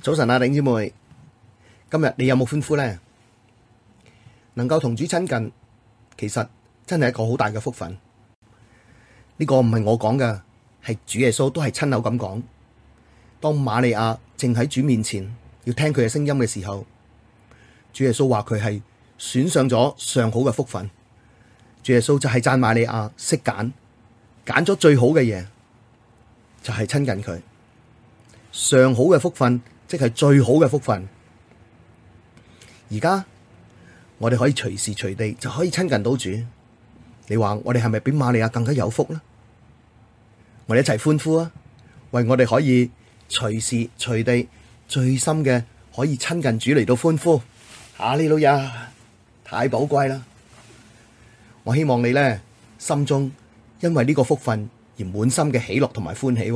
早晨啊，弟姐妹，今日你有冇歡呼咧？能夠同主親近，其實真係一個好大嘅福分。呢個唔係我講嘅，係主耶穌都係親口咁講。當瑪利亞正喺主面前，要聽佢嘅聲音嘅時候，主耶穌話佢係選上咗上好嘅福分。主耶穌就係讚瑪利亞識揀，揀咗最好嘅嘢，就係親近佢。上好嘅福分。即係最好嘅福分。而家我哋可以隨時隨地就可以親近到主。你話我哋係咪比馬利亞更加有福呢？我哋一齊歡呼啊！為我哋可以隨時隨地最深嘅可以親近主嚟到歡呼。阿里路亞，太寶貴啦！我希望你呢心中因為呢個福分而滿心嘅喜樂同埋歡喜。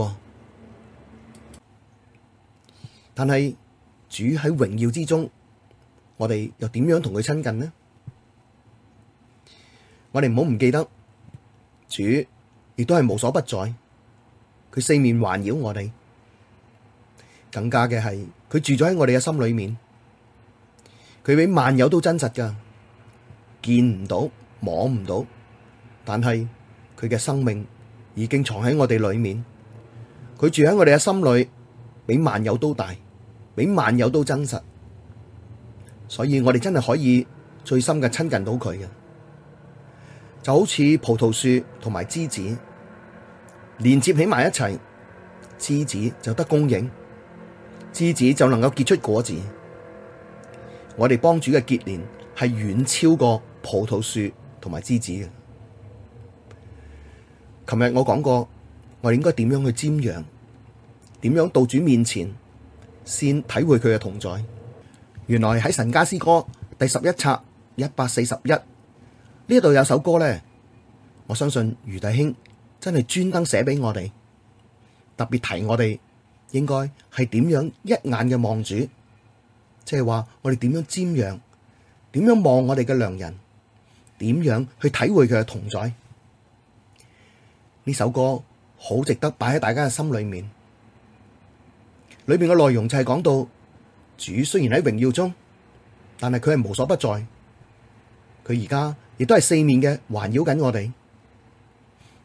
但係主喺榮耀之中，我哋又點樣同佢親近呢？我哋唔好唔記得，主亦都係無所不在，佢四面環繞我哋。更加嘅係，佢住咗喺我哋嘅心裏面，佢比萬有都真實㗎，見唔到，摸唔到，但係佢嘅生命已經藏喺我哋裏面，佢住喺我哋嘅心裏。比萬有都大，比萬有都真實，所以我哋真係可以最深嘅親近到佢嘅，就好似葡萄樹同埋枝子連接起埋一齊，枝子就得供應，枝子就能夠結出果子。我哋幫主嘅結連係遠超過葡萄樹同埋枝子嘅。琴日我講過，我哋應該點樣去瞻仰？點樣到主面前先體會佢嘅同在？原來喺神家詩歌第十一冊一百四十一呢度有首歌呢，我相信余弟兄真係專登寫俾我哋，特別提我哋應該係點樣一眼嘅望主，即係話我哋點樣瞻仰，點樣望我哋嘅良人，點樣去體會佢嘅同在？呢首歌好值得擺喺大家嘅心裏面。裏面嘅內容就係講到主雖然喺榮耀中，但係佢係無所不在，佢而家亦都係四面嘅環繞緊我哋，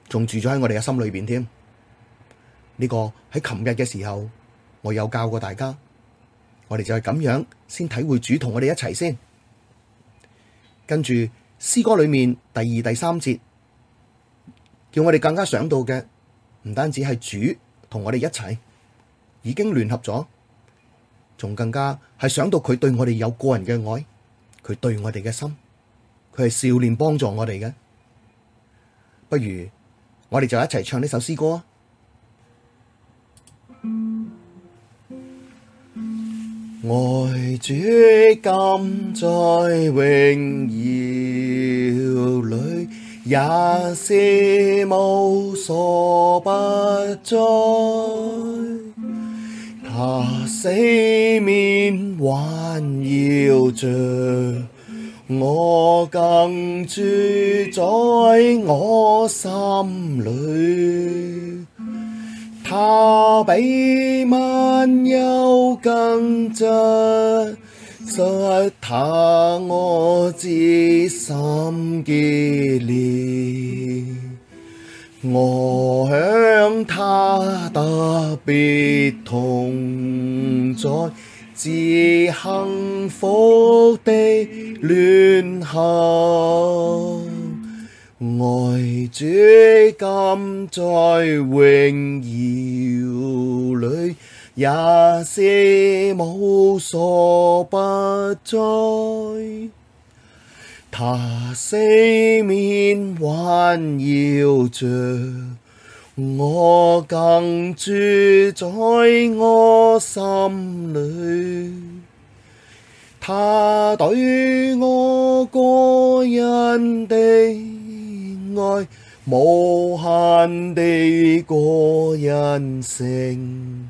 仲住咗喺我哋嘅心裏邊添。呢、呢個喺琴日嘅時候，我有教過大家，我哋就係咁樣先體會主同我哋一齊先。跟住詩歌裏面第二、第三節，叫我哋更加想到嘅唔單止係主同我哋一齊。已經聯合咗，仲更加係想到佢對我哋有個人嘅愛，佢對我哋嘅心，佢係少年幫助我哋嘅，不如我哋就一齊唱呢首詩歌啊！美愛主今在榮耀裏，也是無所不在。他、啊、四面環繞著我，更住在我心裏。他比萬有更真實，他我至深結連。我享祂特別同在，至幸福的聯合，愛主今在榮耀裏，也是無所不在。他四面環繞着我，更住在我心裏。他對我個人的愛，無限的個人性，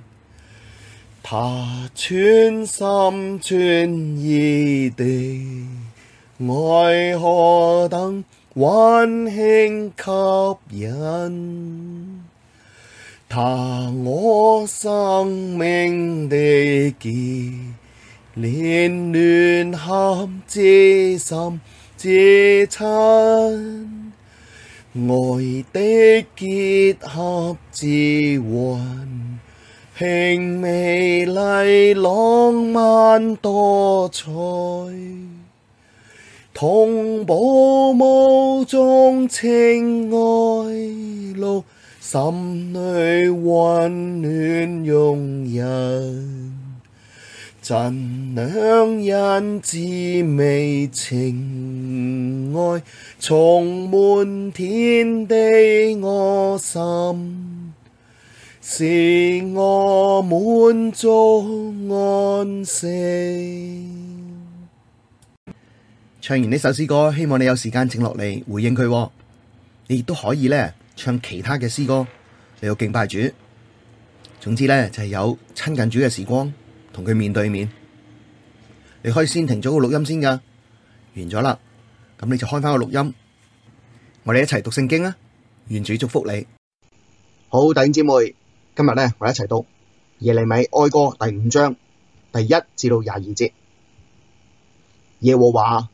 他全心全意的。愛何等溫馨吸引，他我生命的結連，聯合，至深至親，愛的結合至溫馨、美麗浪漫多彩。同步無終情愛路，心裏溫暖，湧溢。真良人至美情愛，充滿天地我心，是我滿足安息。唱完呢首詩歌，希望你有時間靜落嚟回應佢。你亦都可以咧唱其他嘅詩歌嚟到敬拜主。總之咧就係有親近主嘅時光，同佢面對面。你可以先停咗個錄音先噶，完咗啦，咁你就開翻個錄音。我哋一齊讀聖經啊！願主祝福你。好，弟兄姊妹，今日咧我一齊讀耶利米哀歌第五章第一至到廿二節。耶和華，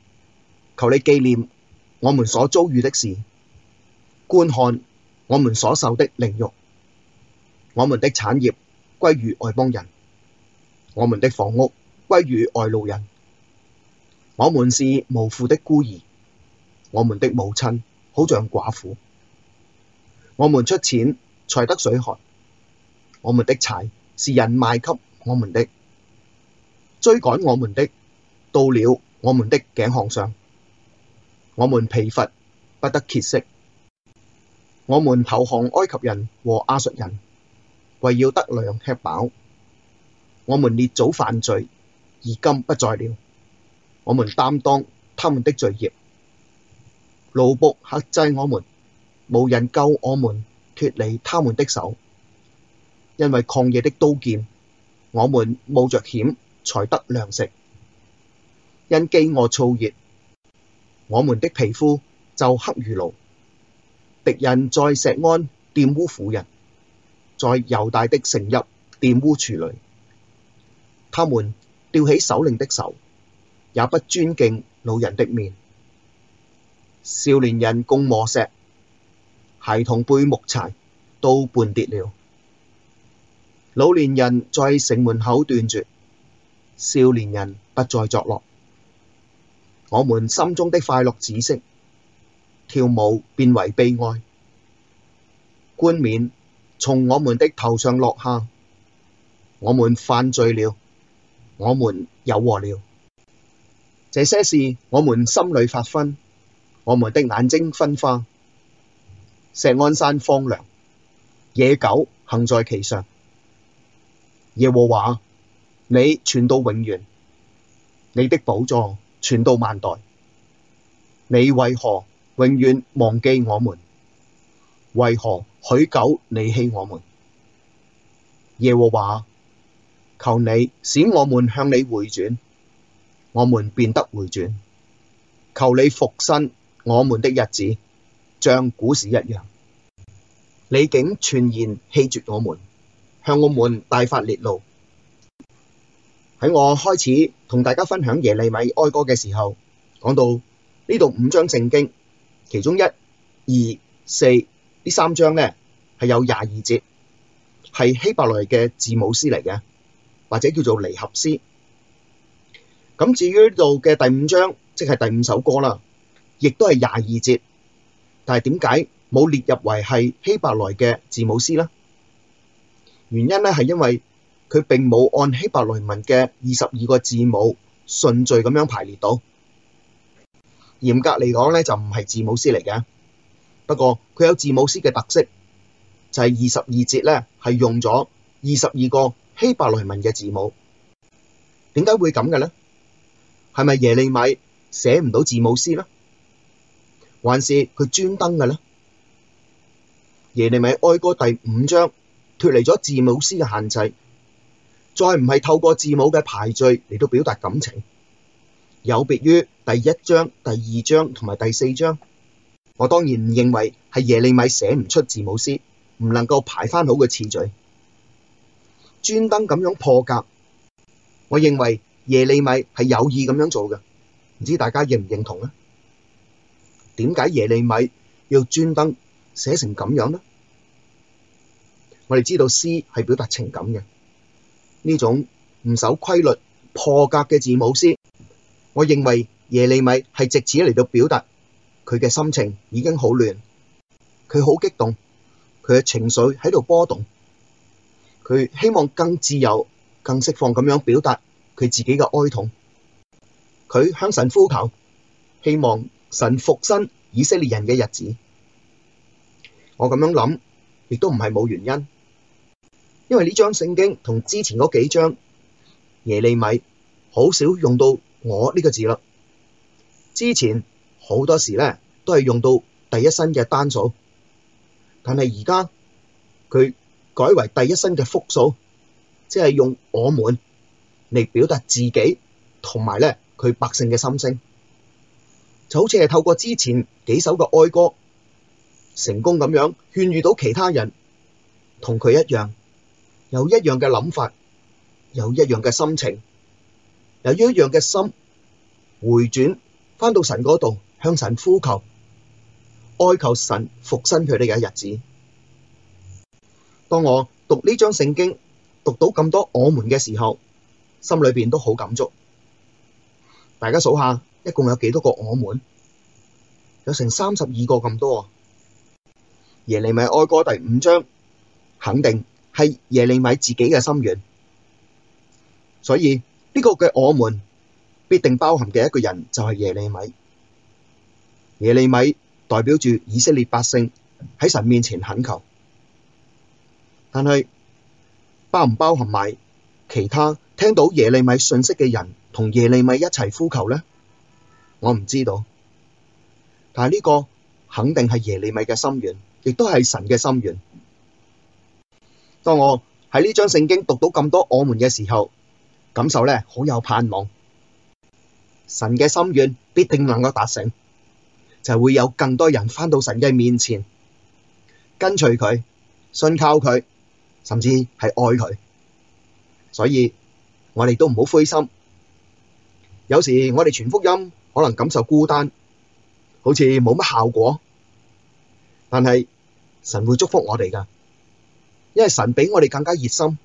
求你紀念我們所遭遇的事，觀看我們所受的凌辱，我們的產業歸於外邦人，我們的房屋歸於外路人，我們是無父的孤兒，我們的母親好像寡婦，我們出錢才得水喝，我們的柴是人賣給我們的，追趕我們的到了我們的頸項上。我們疲乏，不得歇息；我們投降埃及人和亞述人，為要得糧吃飽。我們列祖犯罪，而今不在了。我們擔當他們的罪孽，奴僕轄制我們，無人救我們，脫離他們的手，因為曠野的刀劍，我們冒着險才得糧食，因飢餓燥熱。我們的皮膚就黑如爐，敵人在錫安玷污婦人，在猶大的城邑玷污處女。他們吊起首領的手，也不尊敬老人的面。少年人扛磨石，孩童背木柴，都絆跌了。老年人在城門口斷絕，少年人不再作樂。我們心中的快樂止息，跳舞變為悲哀，冠冕從我們的頭上落下。我們犯罪了，我們有禍了。這些事我們心裏發昏，我們的眼睛昏花。錫安山荒涼，野狗行在其上。耶和華，你存到永遠，你的寶座。存到萬代，你為何永遠忘記我們？為何許久離棄我們？耶和華，求你使我們向你回轉，我們便得回轉。求你復新我們的日子，像古時一樣。你竟全然棄絕我們，向我們大發烈怒。喺我開始同大家分享耶利米哀歌嘅時候，講到呢度五章聖經，其中一、二、四呢三章咧係有廿二節，係希伯來嘅字母詩嚟嘅，或者叫做離合詩。咁至於呢度嘅第五章，即係第五首歌啦，亦都係廿二節，但係點解冇列入為係希伯來嘅字母詩咧？原因咧係因為佢並冇按希伯來文嘅二十二個字母順序咁樣排列到，嚴格嚟講咧就唔係字母詩嚟嘅。不過佢有字母詩嘅特色，就係二十二節咧係用咗二十二個希伯來文嘅字母。點解會咁嘅咧？係咪耶利米寫唔到字母詩咧？還是佢專登嘅咧？耶利米哀歌第五章脫離咗字母詩嘅限制。再唔係透過字母嘅排序嚟到表達感情，有別於第一章、第二章同埋第四章，我當然唔認為係耶利米寫唔出字母詩，唔能夠排翻好嘅次序，專登咁樣破格。我認為耶利米係有意咁樣做嘅，唔知大家認唔認同呢？點解耶利米要專登寫成咁樣呢？我哋知道詩係表達情感嘅。呢種唔守規律破格嘅字母詩，我認為耶利米係直接嚟到表達佢嘅心情已經好亂，佢好激動，佢嘅情緒喺度波動，佢希望更自由、更釋放咁樣表達佢自己嘅哀痛，佢向神呼求，希望神復新以色列人嘅日子。我咁樣諗，亦都唔係冇原因。因為呢張聖經同之前嗰幾張耶利米好少用到我呢個字啦。之前好多時咧都係用到第一身嘅單數，但係而家佢改為第一身嘅複數，即係用我們嚟表達自己同埋咧佢百姓嘅心聲，就好似係透過之前幾首嘅哀歌成功咁樣勸喻到其他人同佢一樣。有一樣嘅諗法，有一樣嘅心情，有一樣嘅心，回轉翻到神嗰度，向神呼求，哀求神復新佢哋嘅日子。當我讀呢張聖經，讀到咁多我們嘅時候，心裏邊都好感觸。大家數下，一共有幾多個我們？有成三十二個咁多啊！耶利米哀歌第五章，肯定係耶利米自己嘅心願，所以呢個嘅我們必定包含嘅一個人就係耶利米。耶利米代表住以色列百姓喺神面前懇求，但係包唔包含埋其他聽到耶利米信息嘅人同耶利米一齊呼求咧？我唔知道，但係呢個肯定係耶利米嘅心願，亦都係神嘅心願。當我喺呢張聖經讀到咁多我們嘅時候，感受呢好有盼望，神嘅心願必定能夠達成，就會有更多人返到神嘅面前，跟隨佢、信靠佢，甚至係愛佢。所以，我哋都唔好灰心。有時我哋傳福音可能感受孤單，好似冇乜效果，但係神會祝福我哋㗎。因為神比我哋更加熱心,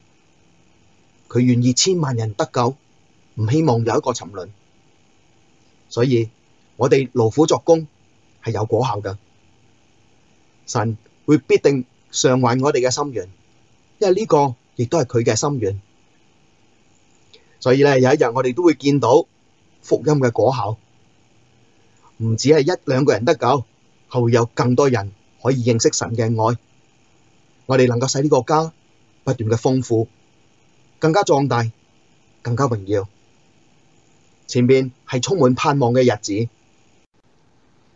我哋能夠使呢個國家不斷嘅豐富，更加壯大，更加榮耀。前面係充滿盼望嘅日子。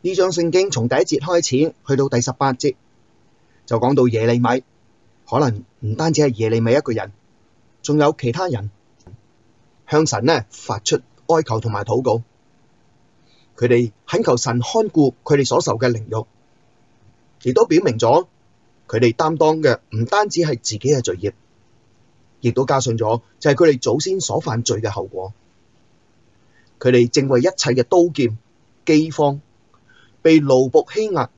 呢章聖經從第一節開始去到第十八節，就講到耶利米，可能唔單止係耶利米一個人，仲有其他人向神呢發出哀求同埋禱告，佢哋懇求神看顧佢哋所受嘅凌辱，亦都表明咗。佢哋擔當嘅唔單止係自己嘅罪孽，亦都加上咗就係佢哋祖先所犯罪嘅後果。佢哋正為一切嘅刀劍、饑荒、被奴僕欺壓、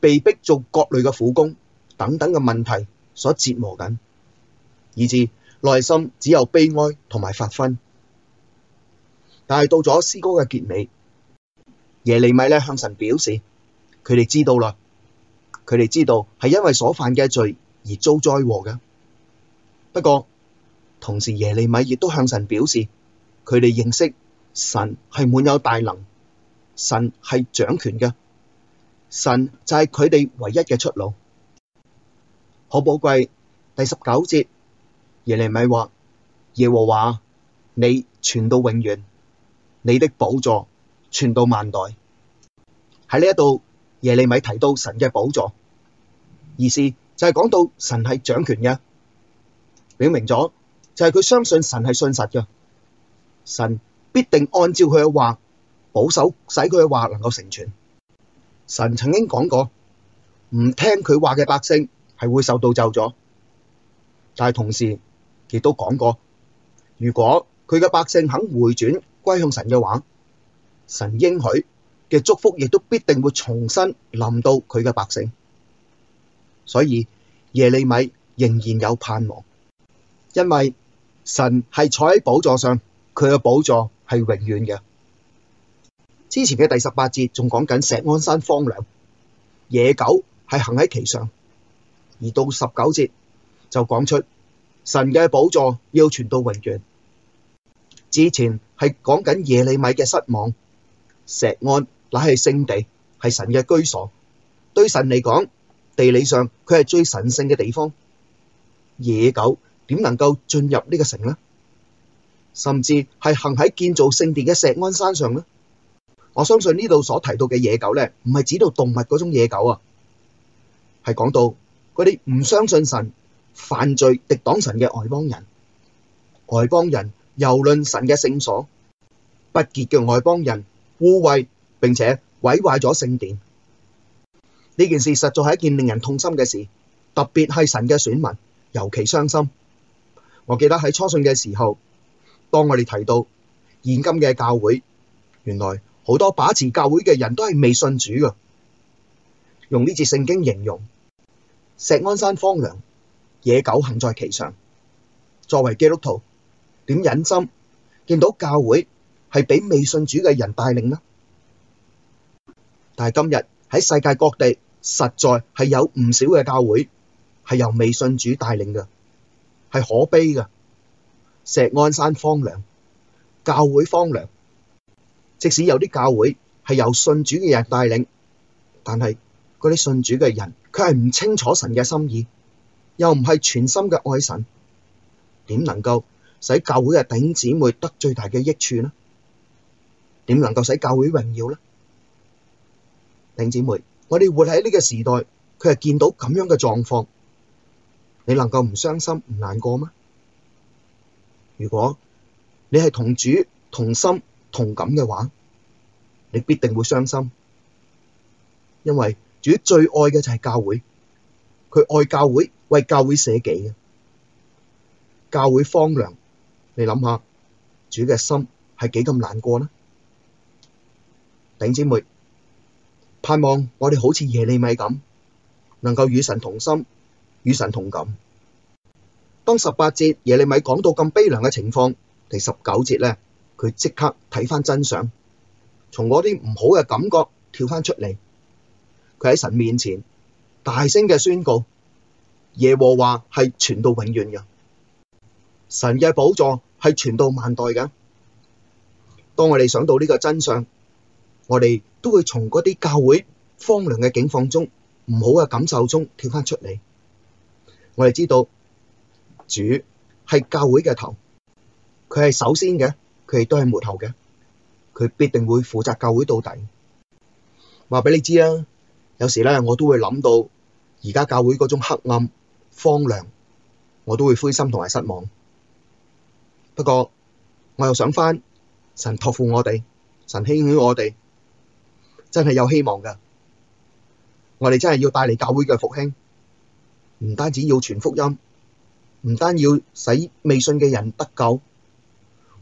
被逼做各類嘅苦工等等嘅問題所折磨緊，以致內心只有悲哀同埋發昏。但係到咗詩歌嘅結尾，耶利米咧向神表示，佢哋知道啦。佢哋知道係因為所犯嘅罪而遭災禍嘅。不過同時耶利米亦都向神表示，佢哋認識神係滿有大能，神係掌權嘅，神就係佢哋唯一嘅出路。好寶貴，第十九節，耶利米話：耶和華，你存到永遠，你的寶座存到萬代。喺呢一度。耶利米提到神嘅寶座，意思就係講到神係掌權嘅，表明咗就係佢相信神係信實嘅，神必定按照佢嘅話保守，使佢嘅話能夠成全。神曾經講過，唔聽佢話嘅百姓係會受到咒詛，但係同時亦都講過，如果佢嘅百姓肯回轉歸向神嘅話，神應許。嘅祝福亦都必定會重新臨到佢嘅百姓，所以耶利米仍然有盼望，因為神係坐喺寶座上，佢嘅寶座係永遠嘅。之前嘅第十八節仲講緊錫安山荒涼，野狗係行喺其上，而到十九節就講出神嘅寶座要傳到永遠。之前係講緊耶利米嘅失望，錫安。乃係聖地，係神嘅居所。對神嚟講，地理上佢係最神聖嘅地方。野狗點能夠進入呢個城咧？甚至係行喺建造聖殿嘅錫安山上咧？我相信呢度所提到嘅野狗咧，唔係指到動物嗰種野狗啊，係講到佢哋唔相信神、犯罪、敵擋神嘅外邦人。外邦人蹂躪神嘅聖所，不潔嘅外邦人污穢。並且毀壞咗聖殿呢件事，實在係一件令人痛心嘅事。特別係神嘅選民，尤其傷心。我記得喺初信嘅時候，當我哋提到現今嘅教會，原來好多把持教會嘅人都係未信主噶。用呢節聖經形容，錫安山荒涼，野狗行在其上。作為基督徒，點忍心見到教會係俾未信主嘅人帶領呢？但係今日喺世界各地，實在係有唔少嘅教會係由未信主帶領嘅，係可悲嘅。錫安山荒涼，教會荒涼。即使有啲教會係由信主嘅人帶領，但係嗰啲信主嘅人，佢係唔清楚神嘅心意，又唔係全心嘅愛神，點能夠使教會嘅頂姊妹得最大嘅益處呢？點能夠使教會榮耀呢？頂姊妹，我哋活喺呢個時代，佢係見到咁樣嘅狀況，你能夠唔傷心唔難過嗎？如果你係同主同心同感嘅話，你必定會傷心，因為主最愛嘅就係教會，佢愛教會為教會捨己嘅，教會荒涼，你諗下主嘅心係幾咁難過呢？頂姊妹。盼望我哋好似耶利米咁，能夠與神同心，與神同感。當十八節耶利米講到咁悲涼嘅情況，第十九節咧，佢即刻睇翻真相，從嗰啲唔好嘅感覺跳翻出嚟。佢喺神面前大聲嘅宣告：耶和華係存到永遠嘅，神嘅寶座係存到萬代嘅。當我哋想到呢個真相。我哋都會從嗰啲教會荒涼嘅境況中，唔好嘅感受中跳翻出嚟。我哋知道主係教會嘅頭，佢係首先嘅，佢亦都係末後嘅，佢必定會負責教會到底。話俾你知啊，有時咧我都會諗到而家教會嗰種黑暗、荒涼，我都會灰心同埋失望。不過我又想翻神託付我哋，神希許我哋。真係有希望噶！我哋真係要帶嚟教會嘅復興，唔單止要傳福音，唔單要使未信嘅人得救，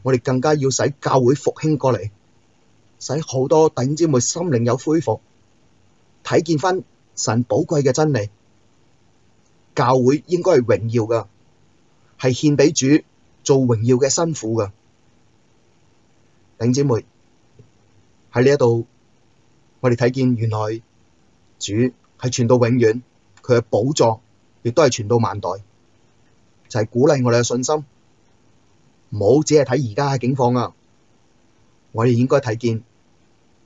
我哋更加要使教會復興過嚟，使好多頂姊妹心靈有恢復，睇見返神寶貴嘅真理。教會應該係榮耀噶，係獻畀主做榮耀嘅新婦噶，頂姊妹喺呢一度。我哋睇見原來主係存到永遠，佢嘅寶座亦都係存到萬代，就係、是、鼓勵我哋嘅信心。唔好只係睇而家嘅境況啊！我哋應該睇見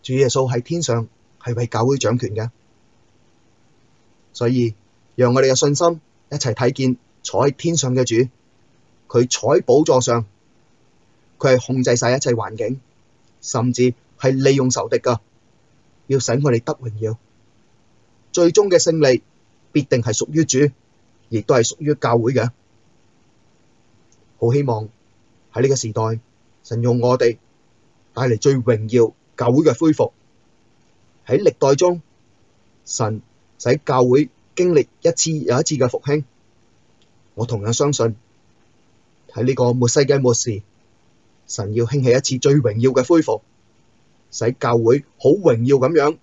主耶穌喺天上係為教會掌權嘅，所以讓我哋嘅信心一齊睇見坐喺天上嘅主，佢坐喺寶座上，佢係控制晒一切環境，甚至係利用仇敵噶。要使我哋得榮耀，最終嘅勝利必定係屬於主，亦都係屬於教會嘅。好希望喺呢個時代，神用我哋帶嚟最榮耀教會嘅恢復。喺歷代中，神使教會經歷一次又一次嘅復興。我同樣相信喺呢個末世嘅末時，神要興起一次最榮耀嘅恢復。使教會好榮耀咁樣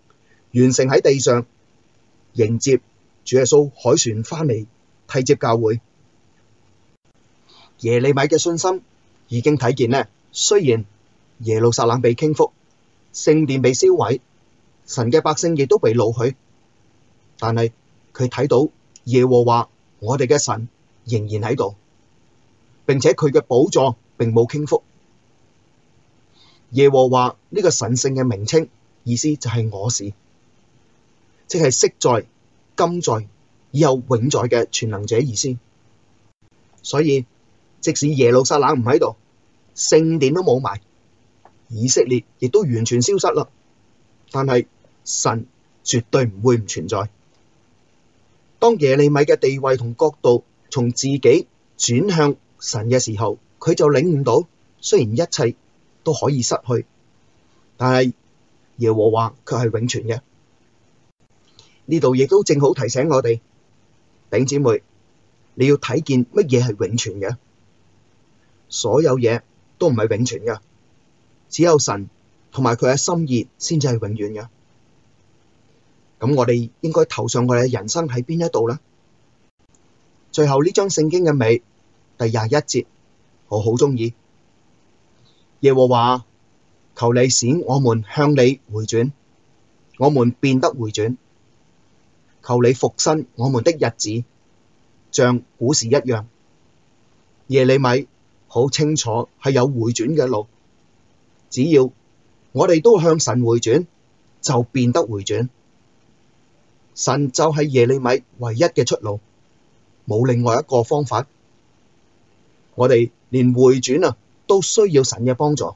完成喺地上，迎接主耶穌凱旋翻嚟，提接教會。耶利米嘅信心已經睇見呢。雖然耶路撒冷被傾覆，聖殿被燒毀，神嘅百姓亦都被擄去，但係佢睇到耶和華我哋嘅神仍然喺度，並且佢嘅寶座並冇傾覆。耶和華呢個神聖嘅名稱，意思就係我是，即係昔在、今在、以後永在嘅全能者意思。所以即使耶路撒冷唔喺度，聖殿都冇埋，以色列亦都完全消失啦。但係神絕對唔會唔存在。當耶利米嘅地位同角度從自己轉向神嘅時候，佢就領悟到，雖然一切。都可以失去，但係耶和華卻係永存嘅。呢度亦都正好提醒我哋，餅姐妹，你要睇見乜嘢係永存嘅？所有嘢都唔係永存嘅，只有神同埋佢嘅心意先至係永遠嘅。咁我哋應該投上我哋嘅人生喺邊一度呢？最後呢章聖經嘅尾，第廿一節，我好鍾意。耶和華，求你使我們向你回轉，我們變得回轉。求你復生我們的日子，像古時一樣。耶利米好清楚係有回轉嘅路，只要我哋都向神回轉，就變得回轉。神就係耶利米唯一嘅出路，冇另外一個方法。我哋連回轉啊，都需要神嘅幫助，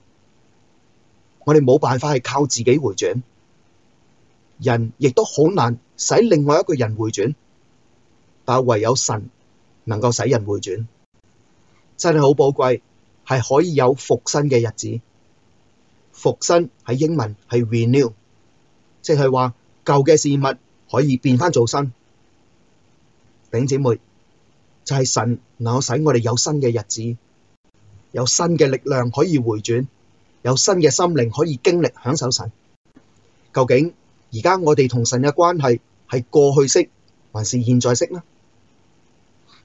我哋冇辦法係靠自己回轉，人亦都好難使另外一個人回轉，但唯有神能夠使人回轉，真係好寶貴，係可以有復新嘅日子。復新係英文係 renew，即係話舊嘅事物可以變翻做新。丁姐妹就係、是、神能夠使我哋有新嘅日子。有新嘅力量可以回轉，有新嘅心靈可以經歷享受神。究竟而家我哋同神嘅關係係過去式還是現在式呢？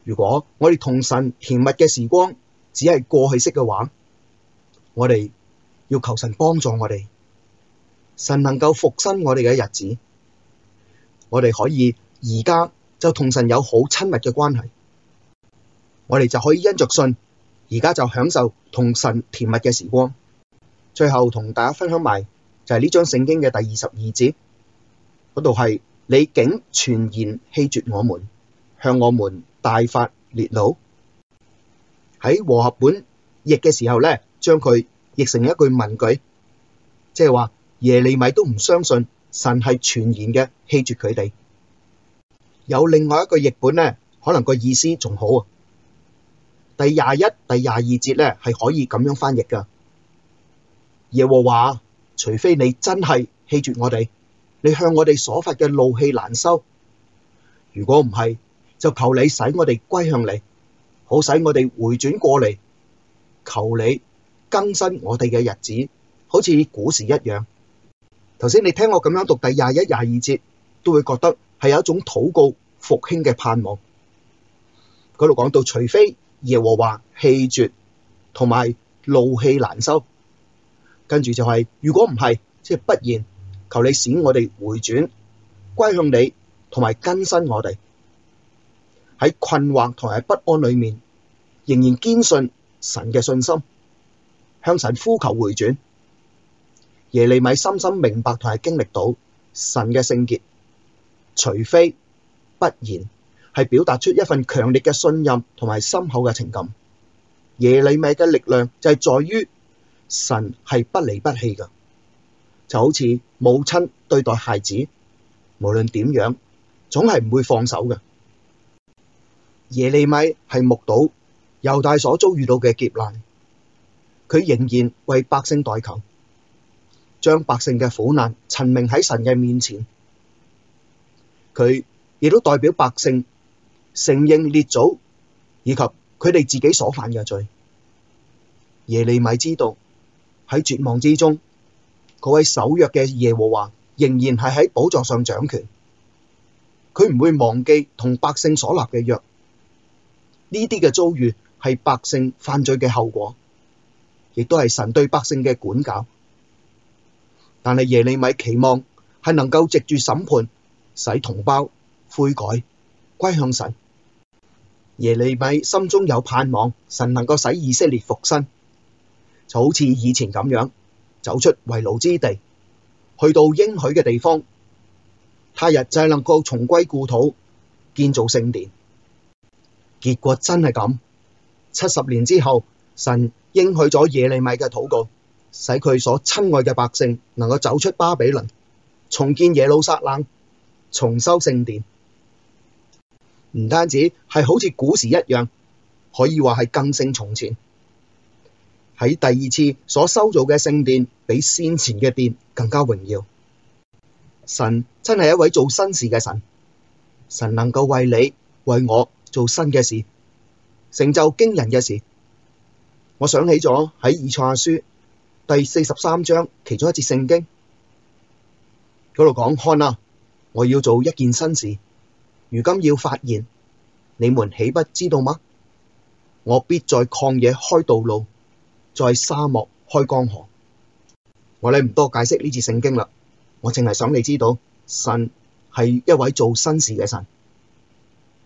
如果我哋同神甜蜜嘅時光只係過去式嘅話，我哋要求神幫助我哋，神能夠復新我哋嘅日子，我哋可以而家就同神有好親密嘅關係，我哋就可以因着信。而家就享受同神甜蜜嘅時光。最後同大家分享埋就係呢張聖經嘅第二十二節，嗰度係你竟全然棄絕我們，向我們大發烈怒。喺和合本譯嘅時候咧，將佢譯成一句問句，即係話耶利米都唔相信神係全然嘅棄絕佢哋。有另外一個譯本咧，可能個意思仲好啊。第廿一、第廿二節咧係可以咁樣翻譯噶。耶和華，除非你真係棄絕我哋，你向我哋所發嘅怒氣難收。如果唔係，就求你使我哋歸向你，好使我哋回轉過嚟。求你更新我哋嘅日子，好似古時一樣。頭先你聽我咁樣讀第廿一、廿二節，都會覺得係有一種禱告復興嘅盼望。嗰度講到，除非。耶和華棄絕，同埋怒氣難收，跟住就係，如果唔係，即係不然，求你使我哋回轉，歸向你，同埋更新我哋喺困惑，同埋不安裏面，仍然堅信神嘅信心，向神呼求回轉。耶利米深深明白同埋經歷到神嘅聖潔，除非不然。係表達出一份強烈嘅信任同埋深厚嘅情感。承認列祖以及佢哋自己所犯嘅罪，耶利米知道喺絕望之中，佢位守約嘅耶和華仍然係喺寶座上掌權，佢唔會忘記同百姓所立嘅約。呢啲嘅遭遇係百姓犯罪嘅後果，亦都係神對百姓嘅管教。但係耶利米期望係能夠藉住審判，使同胞悔改，歸向神。耶利米心中有盼望，神能夠使以色列復生，就好似以前咁樣，走出遺虜之地，去到應許嘅地方，他日就能夠重歸故土，建造聖殿。結果真係咁，七十年之後，神應許咗耶利米嘅禱告，使佢所親愛嘅百姓能夠走出巴比倫，重建耶路撒冷，重修聖殿。唔單止係好似古時一樣，可以話係更勝從前。喺第二次所修造嘅聖殿，比先前嘅殿更加榮耀。神真係一位做新事嘅神，神能夠為你、為我做新嘅事，成就驚人嘅事。我想起咗喺以賽亞書第四十三章其中一節聖經，嗰度講：看啊，我要做一件新事。如今要發現你們豈不知道嗎？我必在曠野開道路，在沙漠開江河。我咧唔多解釋呢次聖經啦，我淨係想你知道神係一位做新事嘅神。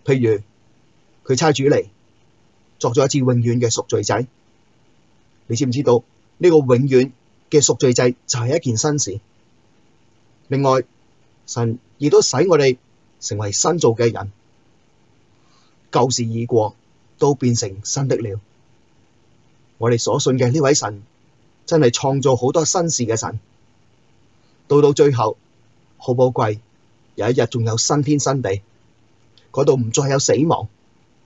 譬如佢差主嚟，作咗一次永遠嘅贖罪祭，你知唔知道呢、這個永遠嘅贖罪祭就係一件新事。另外，神亦都使我哋。成為新造嘅人，舊事已過，都變成新的了。我哋所信嘅呢位神，真係創造好多新事嘅神。到到最後，好寶貴，有一日仲有新天新地，嗰度唔再有死亡，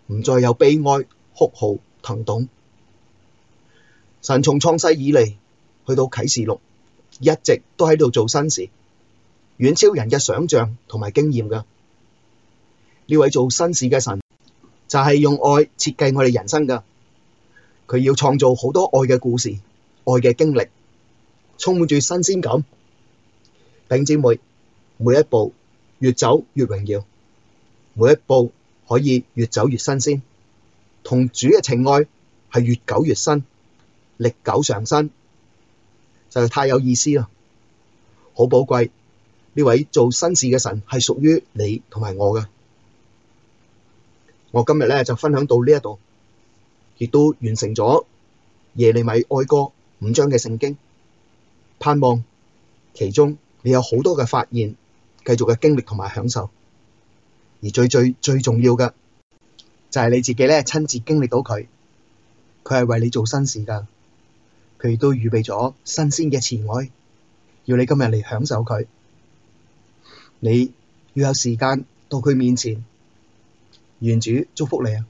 唔再有悲哀、哭號、疼痛。神從創世以嚟，去到啟示錄，一直都喺度做新事，遠超人嘅想象同埋經驗㗎。呢位做新事嘅神就係用愛設計我哋人生嘅，佢要創造好多愛嘅故事、愛嘅經歷，充滿住新鮮感。餅姊妹每一步越走越榮耀，每一步可以越走越新鮮，同主嘅情愛係越久越新，歷久常新，實在太有意思啦！好寶貴，呢位做新事嘅神係屬於你同埋我嘅。我今日咧就分享到呢一度，亦都完成咗耶利米哀歌五章嘅聖經，盼望其中你有好多嘅發現，繼續嘅經歷同埋享受。而最最最重要嘅就係你自己咧親自經歷到佢，佢係為你做新事噶，佢亦都預備咗新鮮嘅慈愛，要你今日嚟享受佢。你要有時間到佢面前。願主祝福你啊！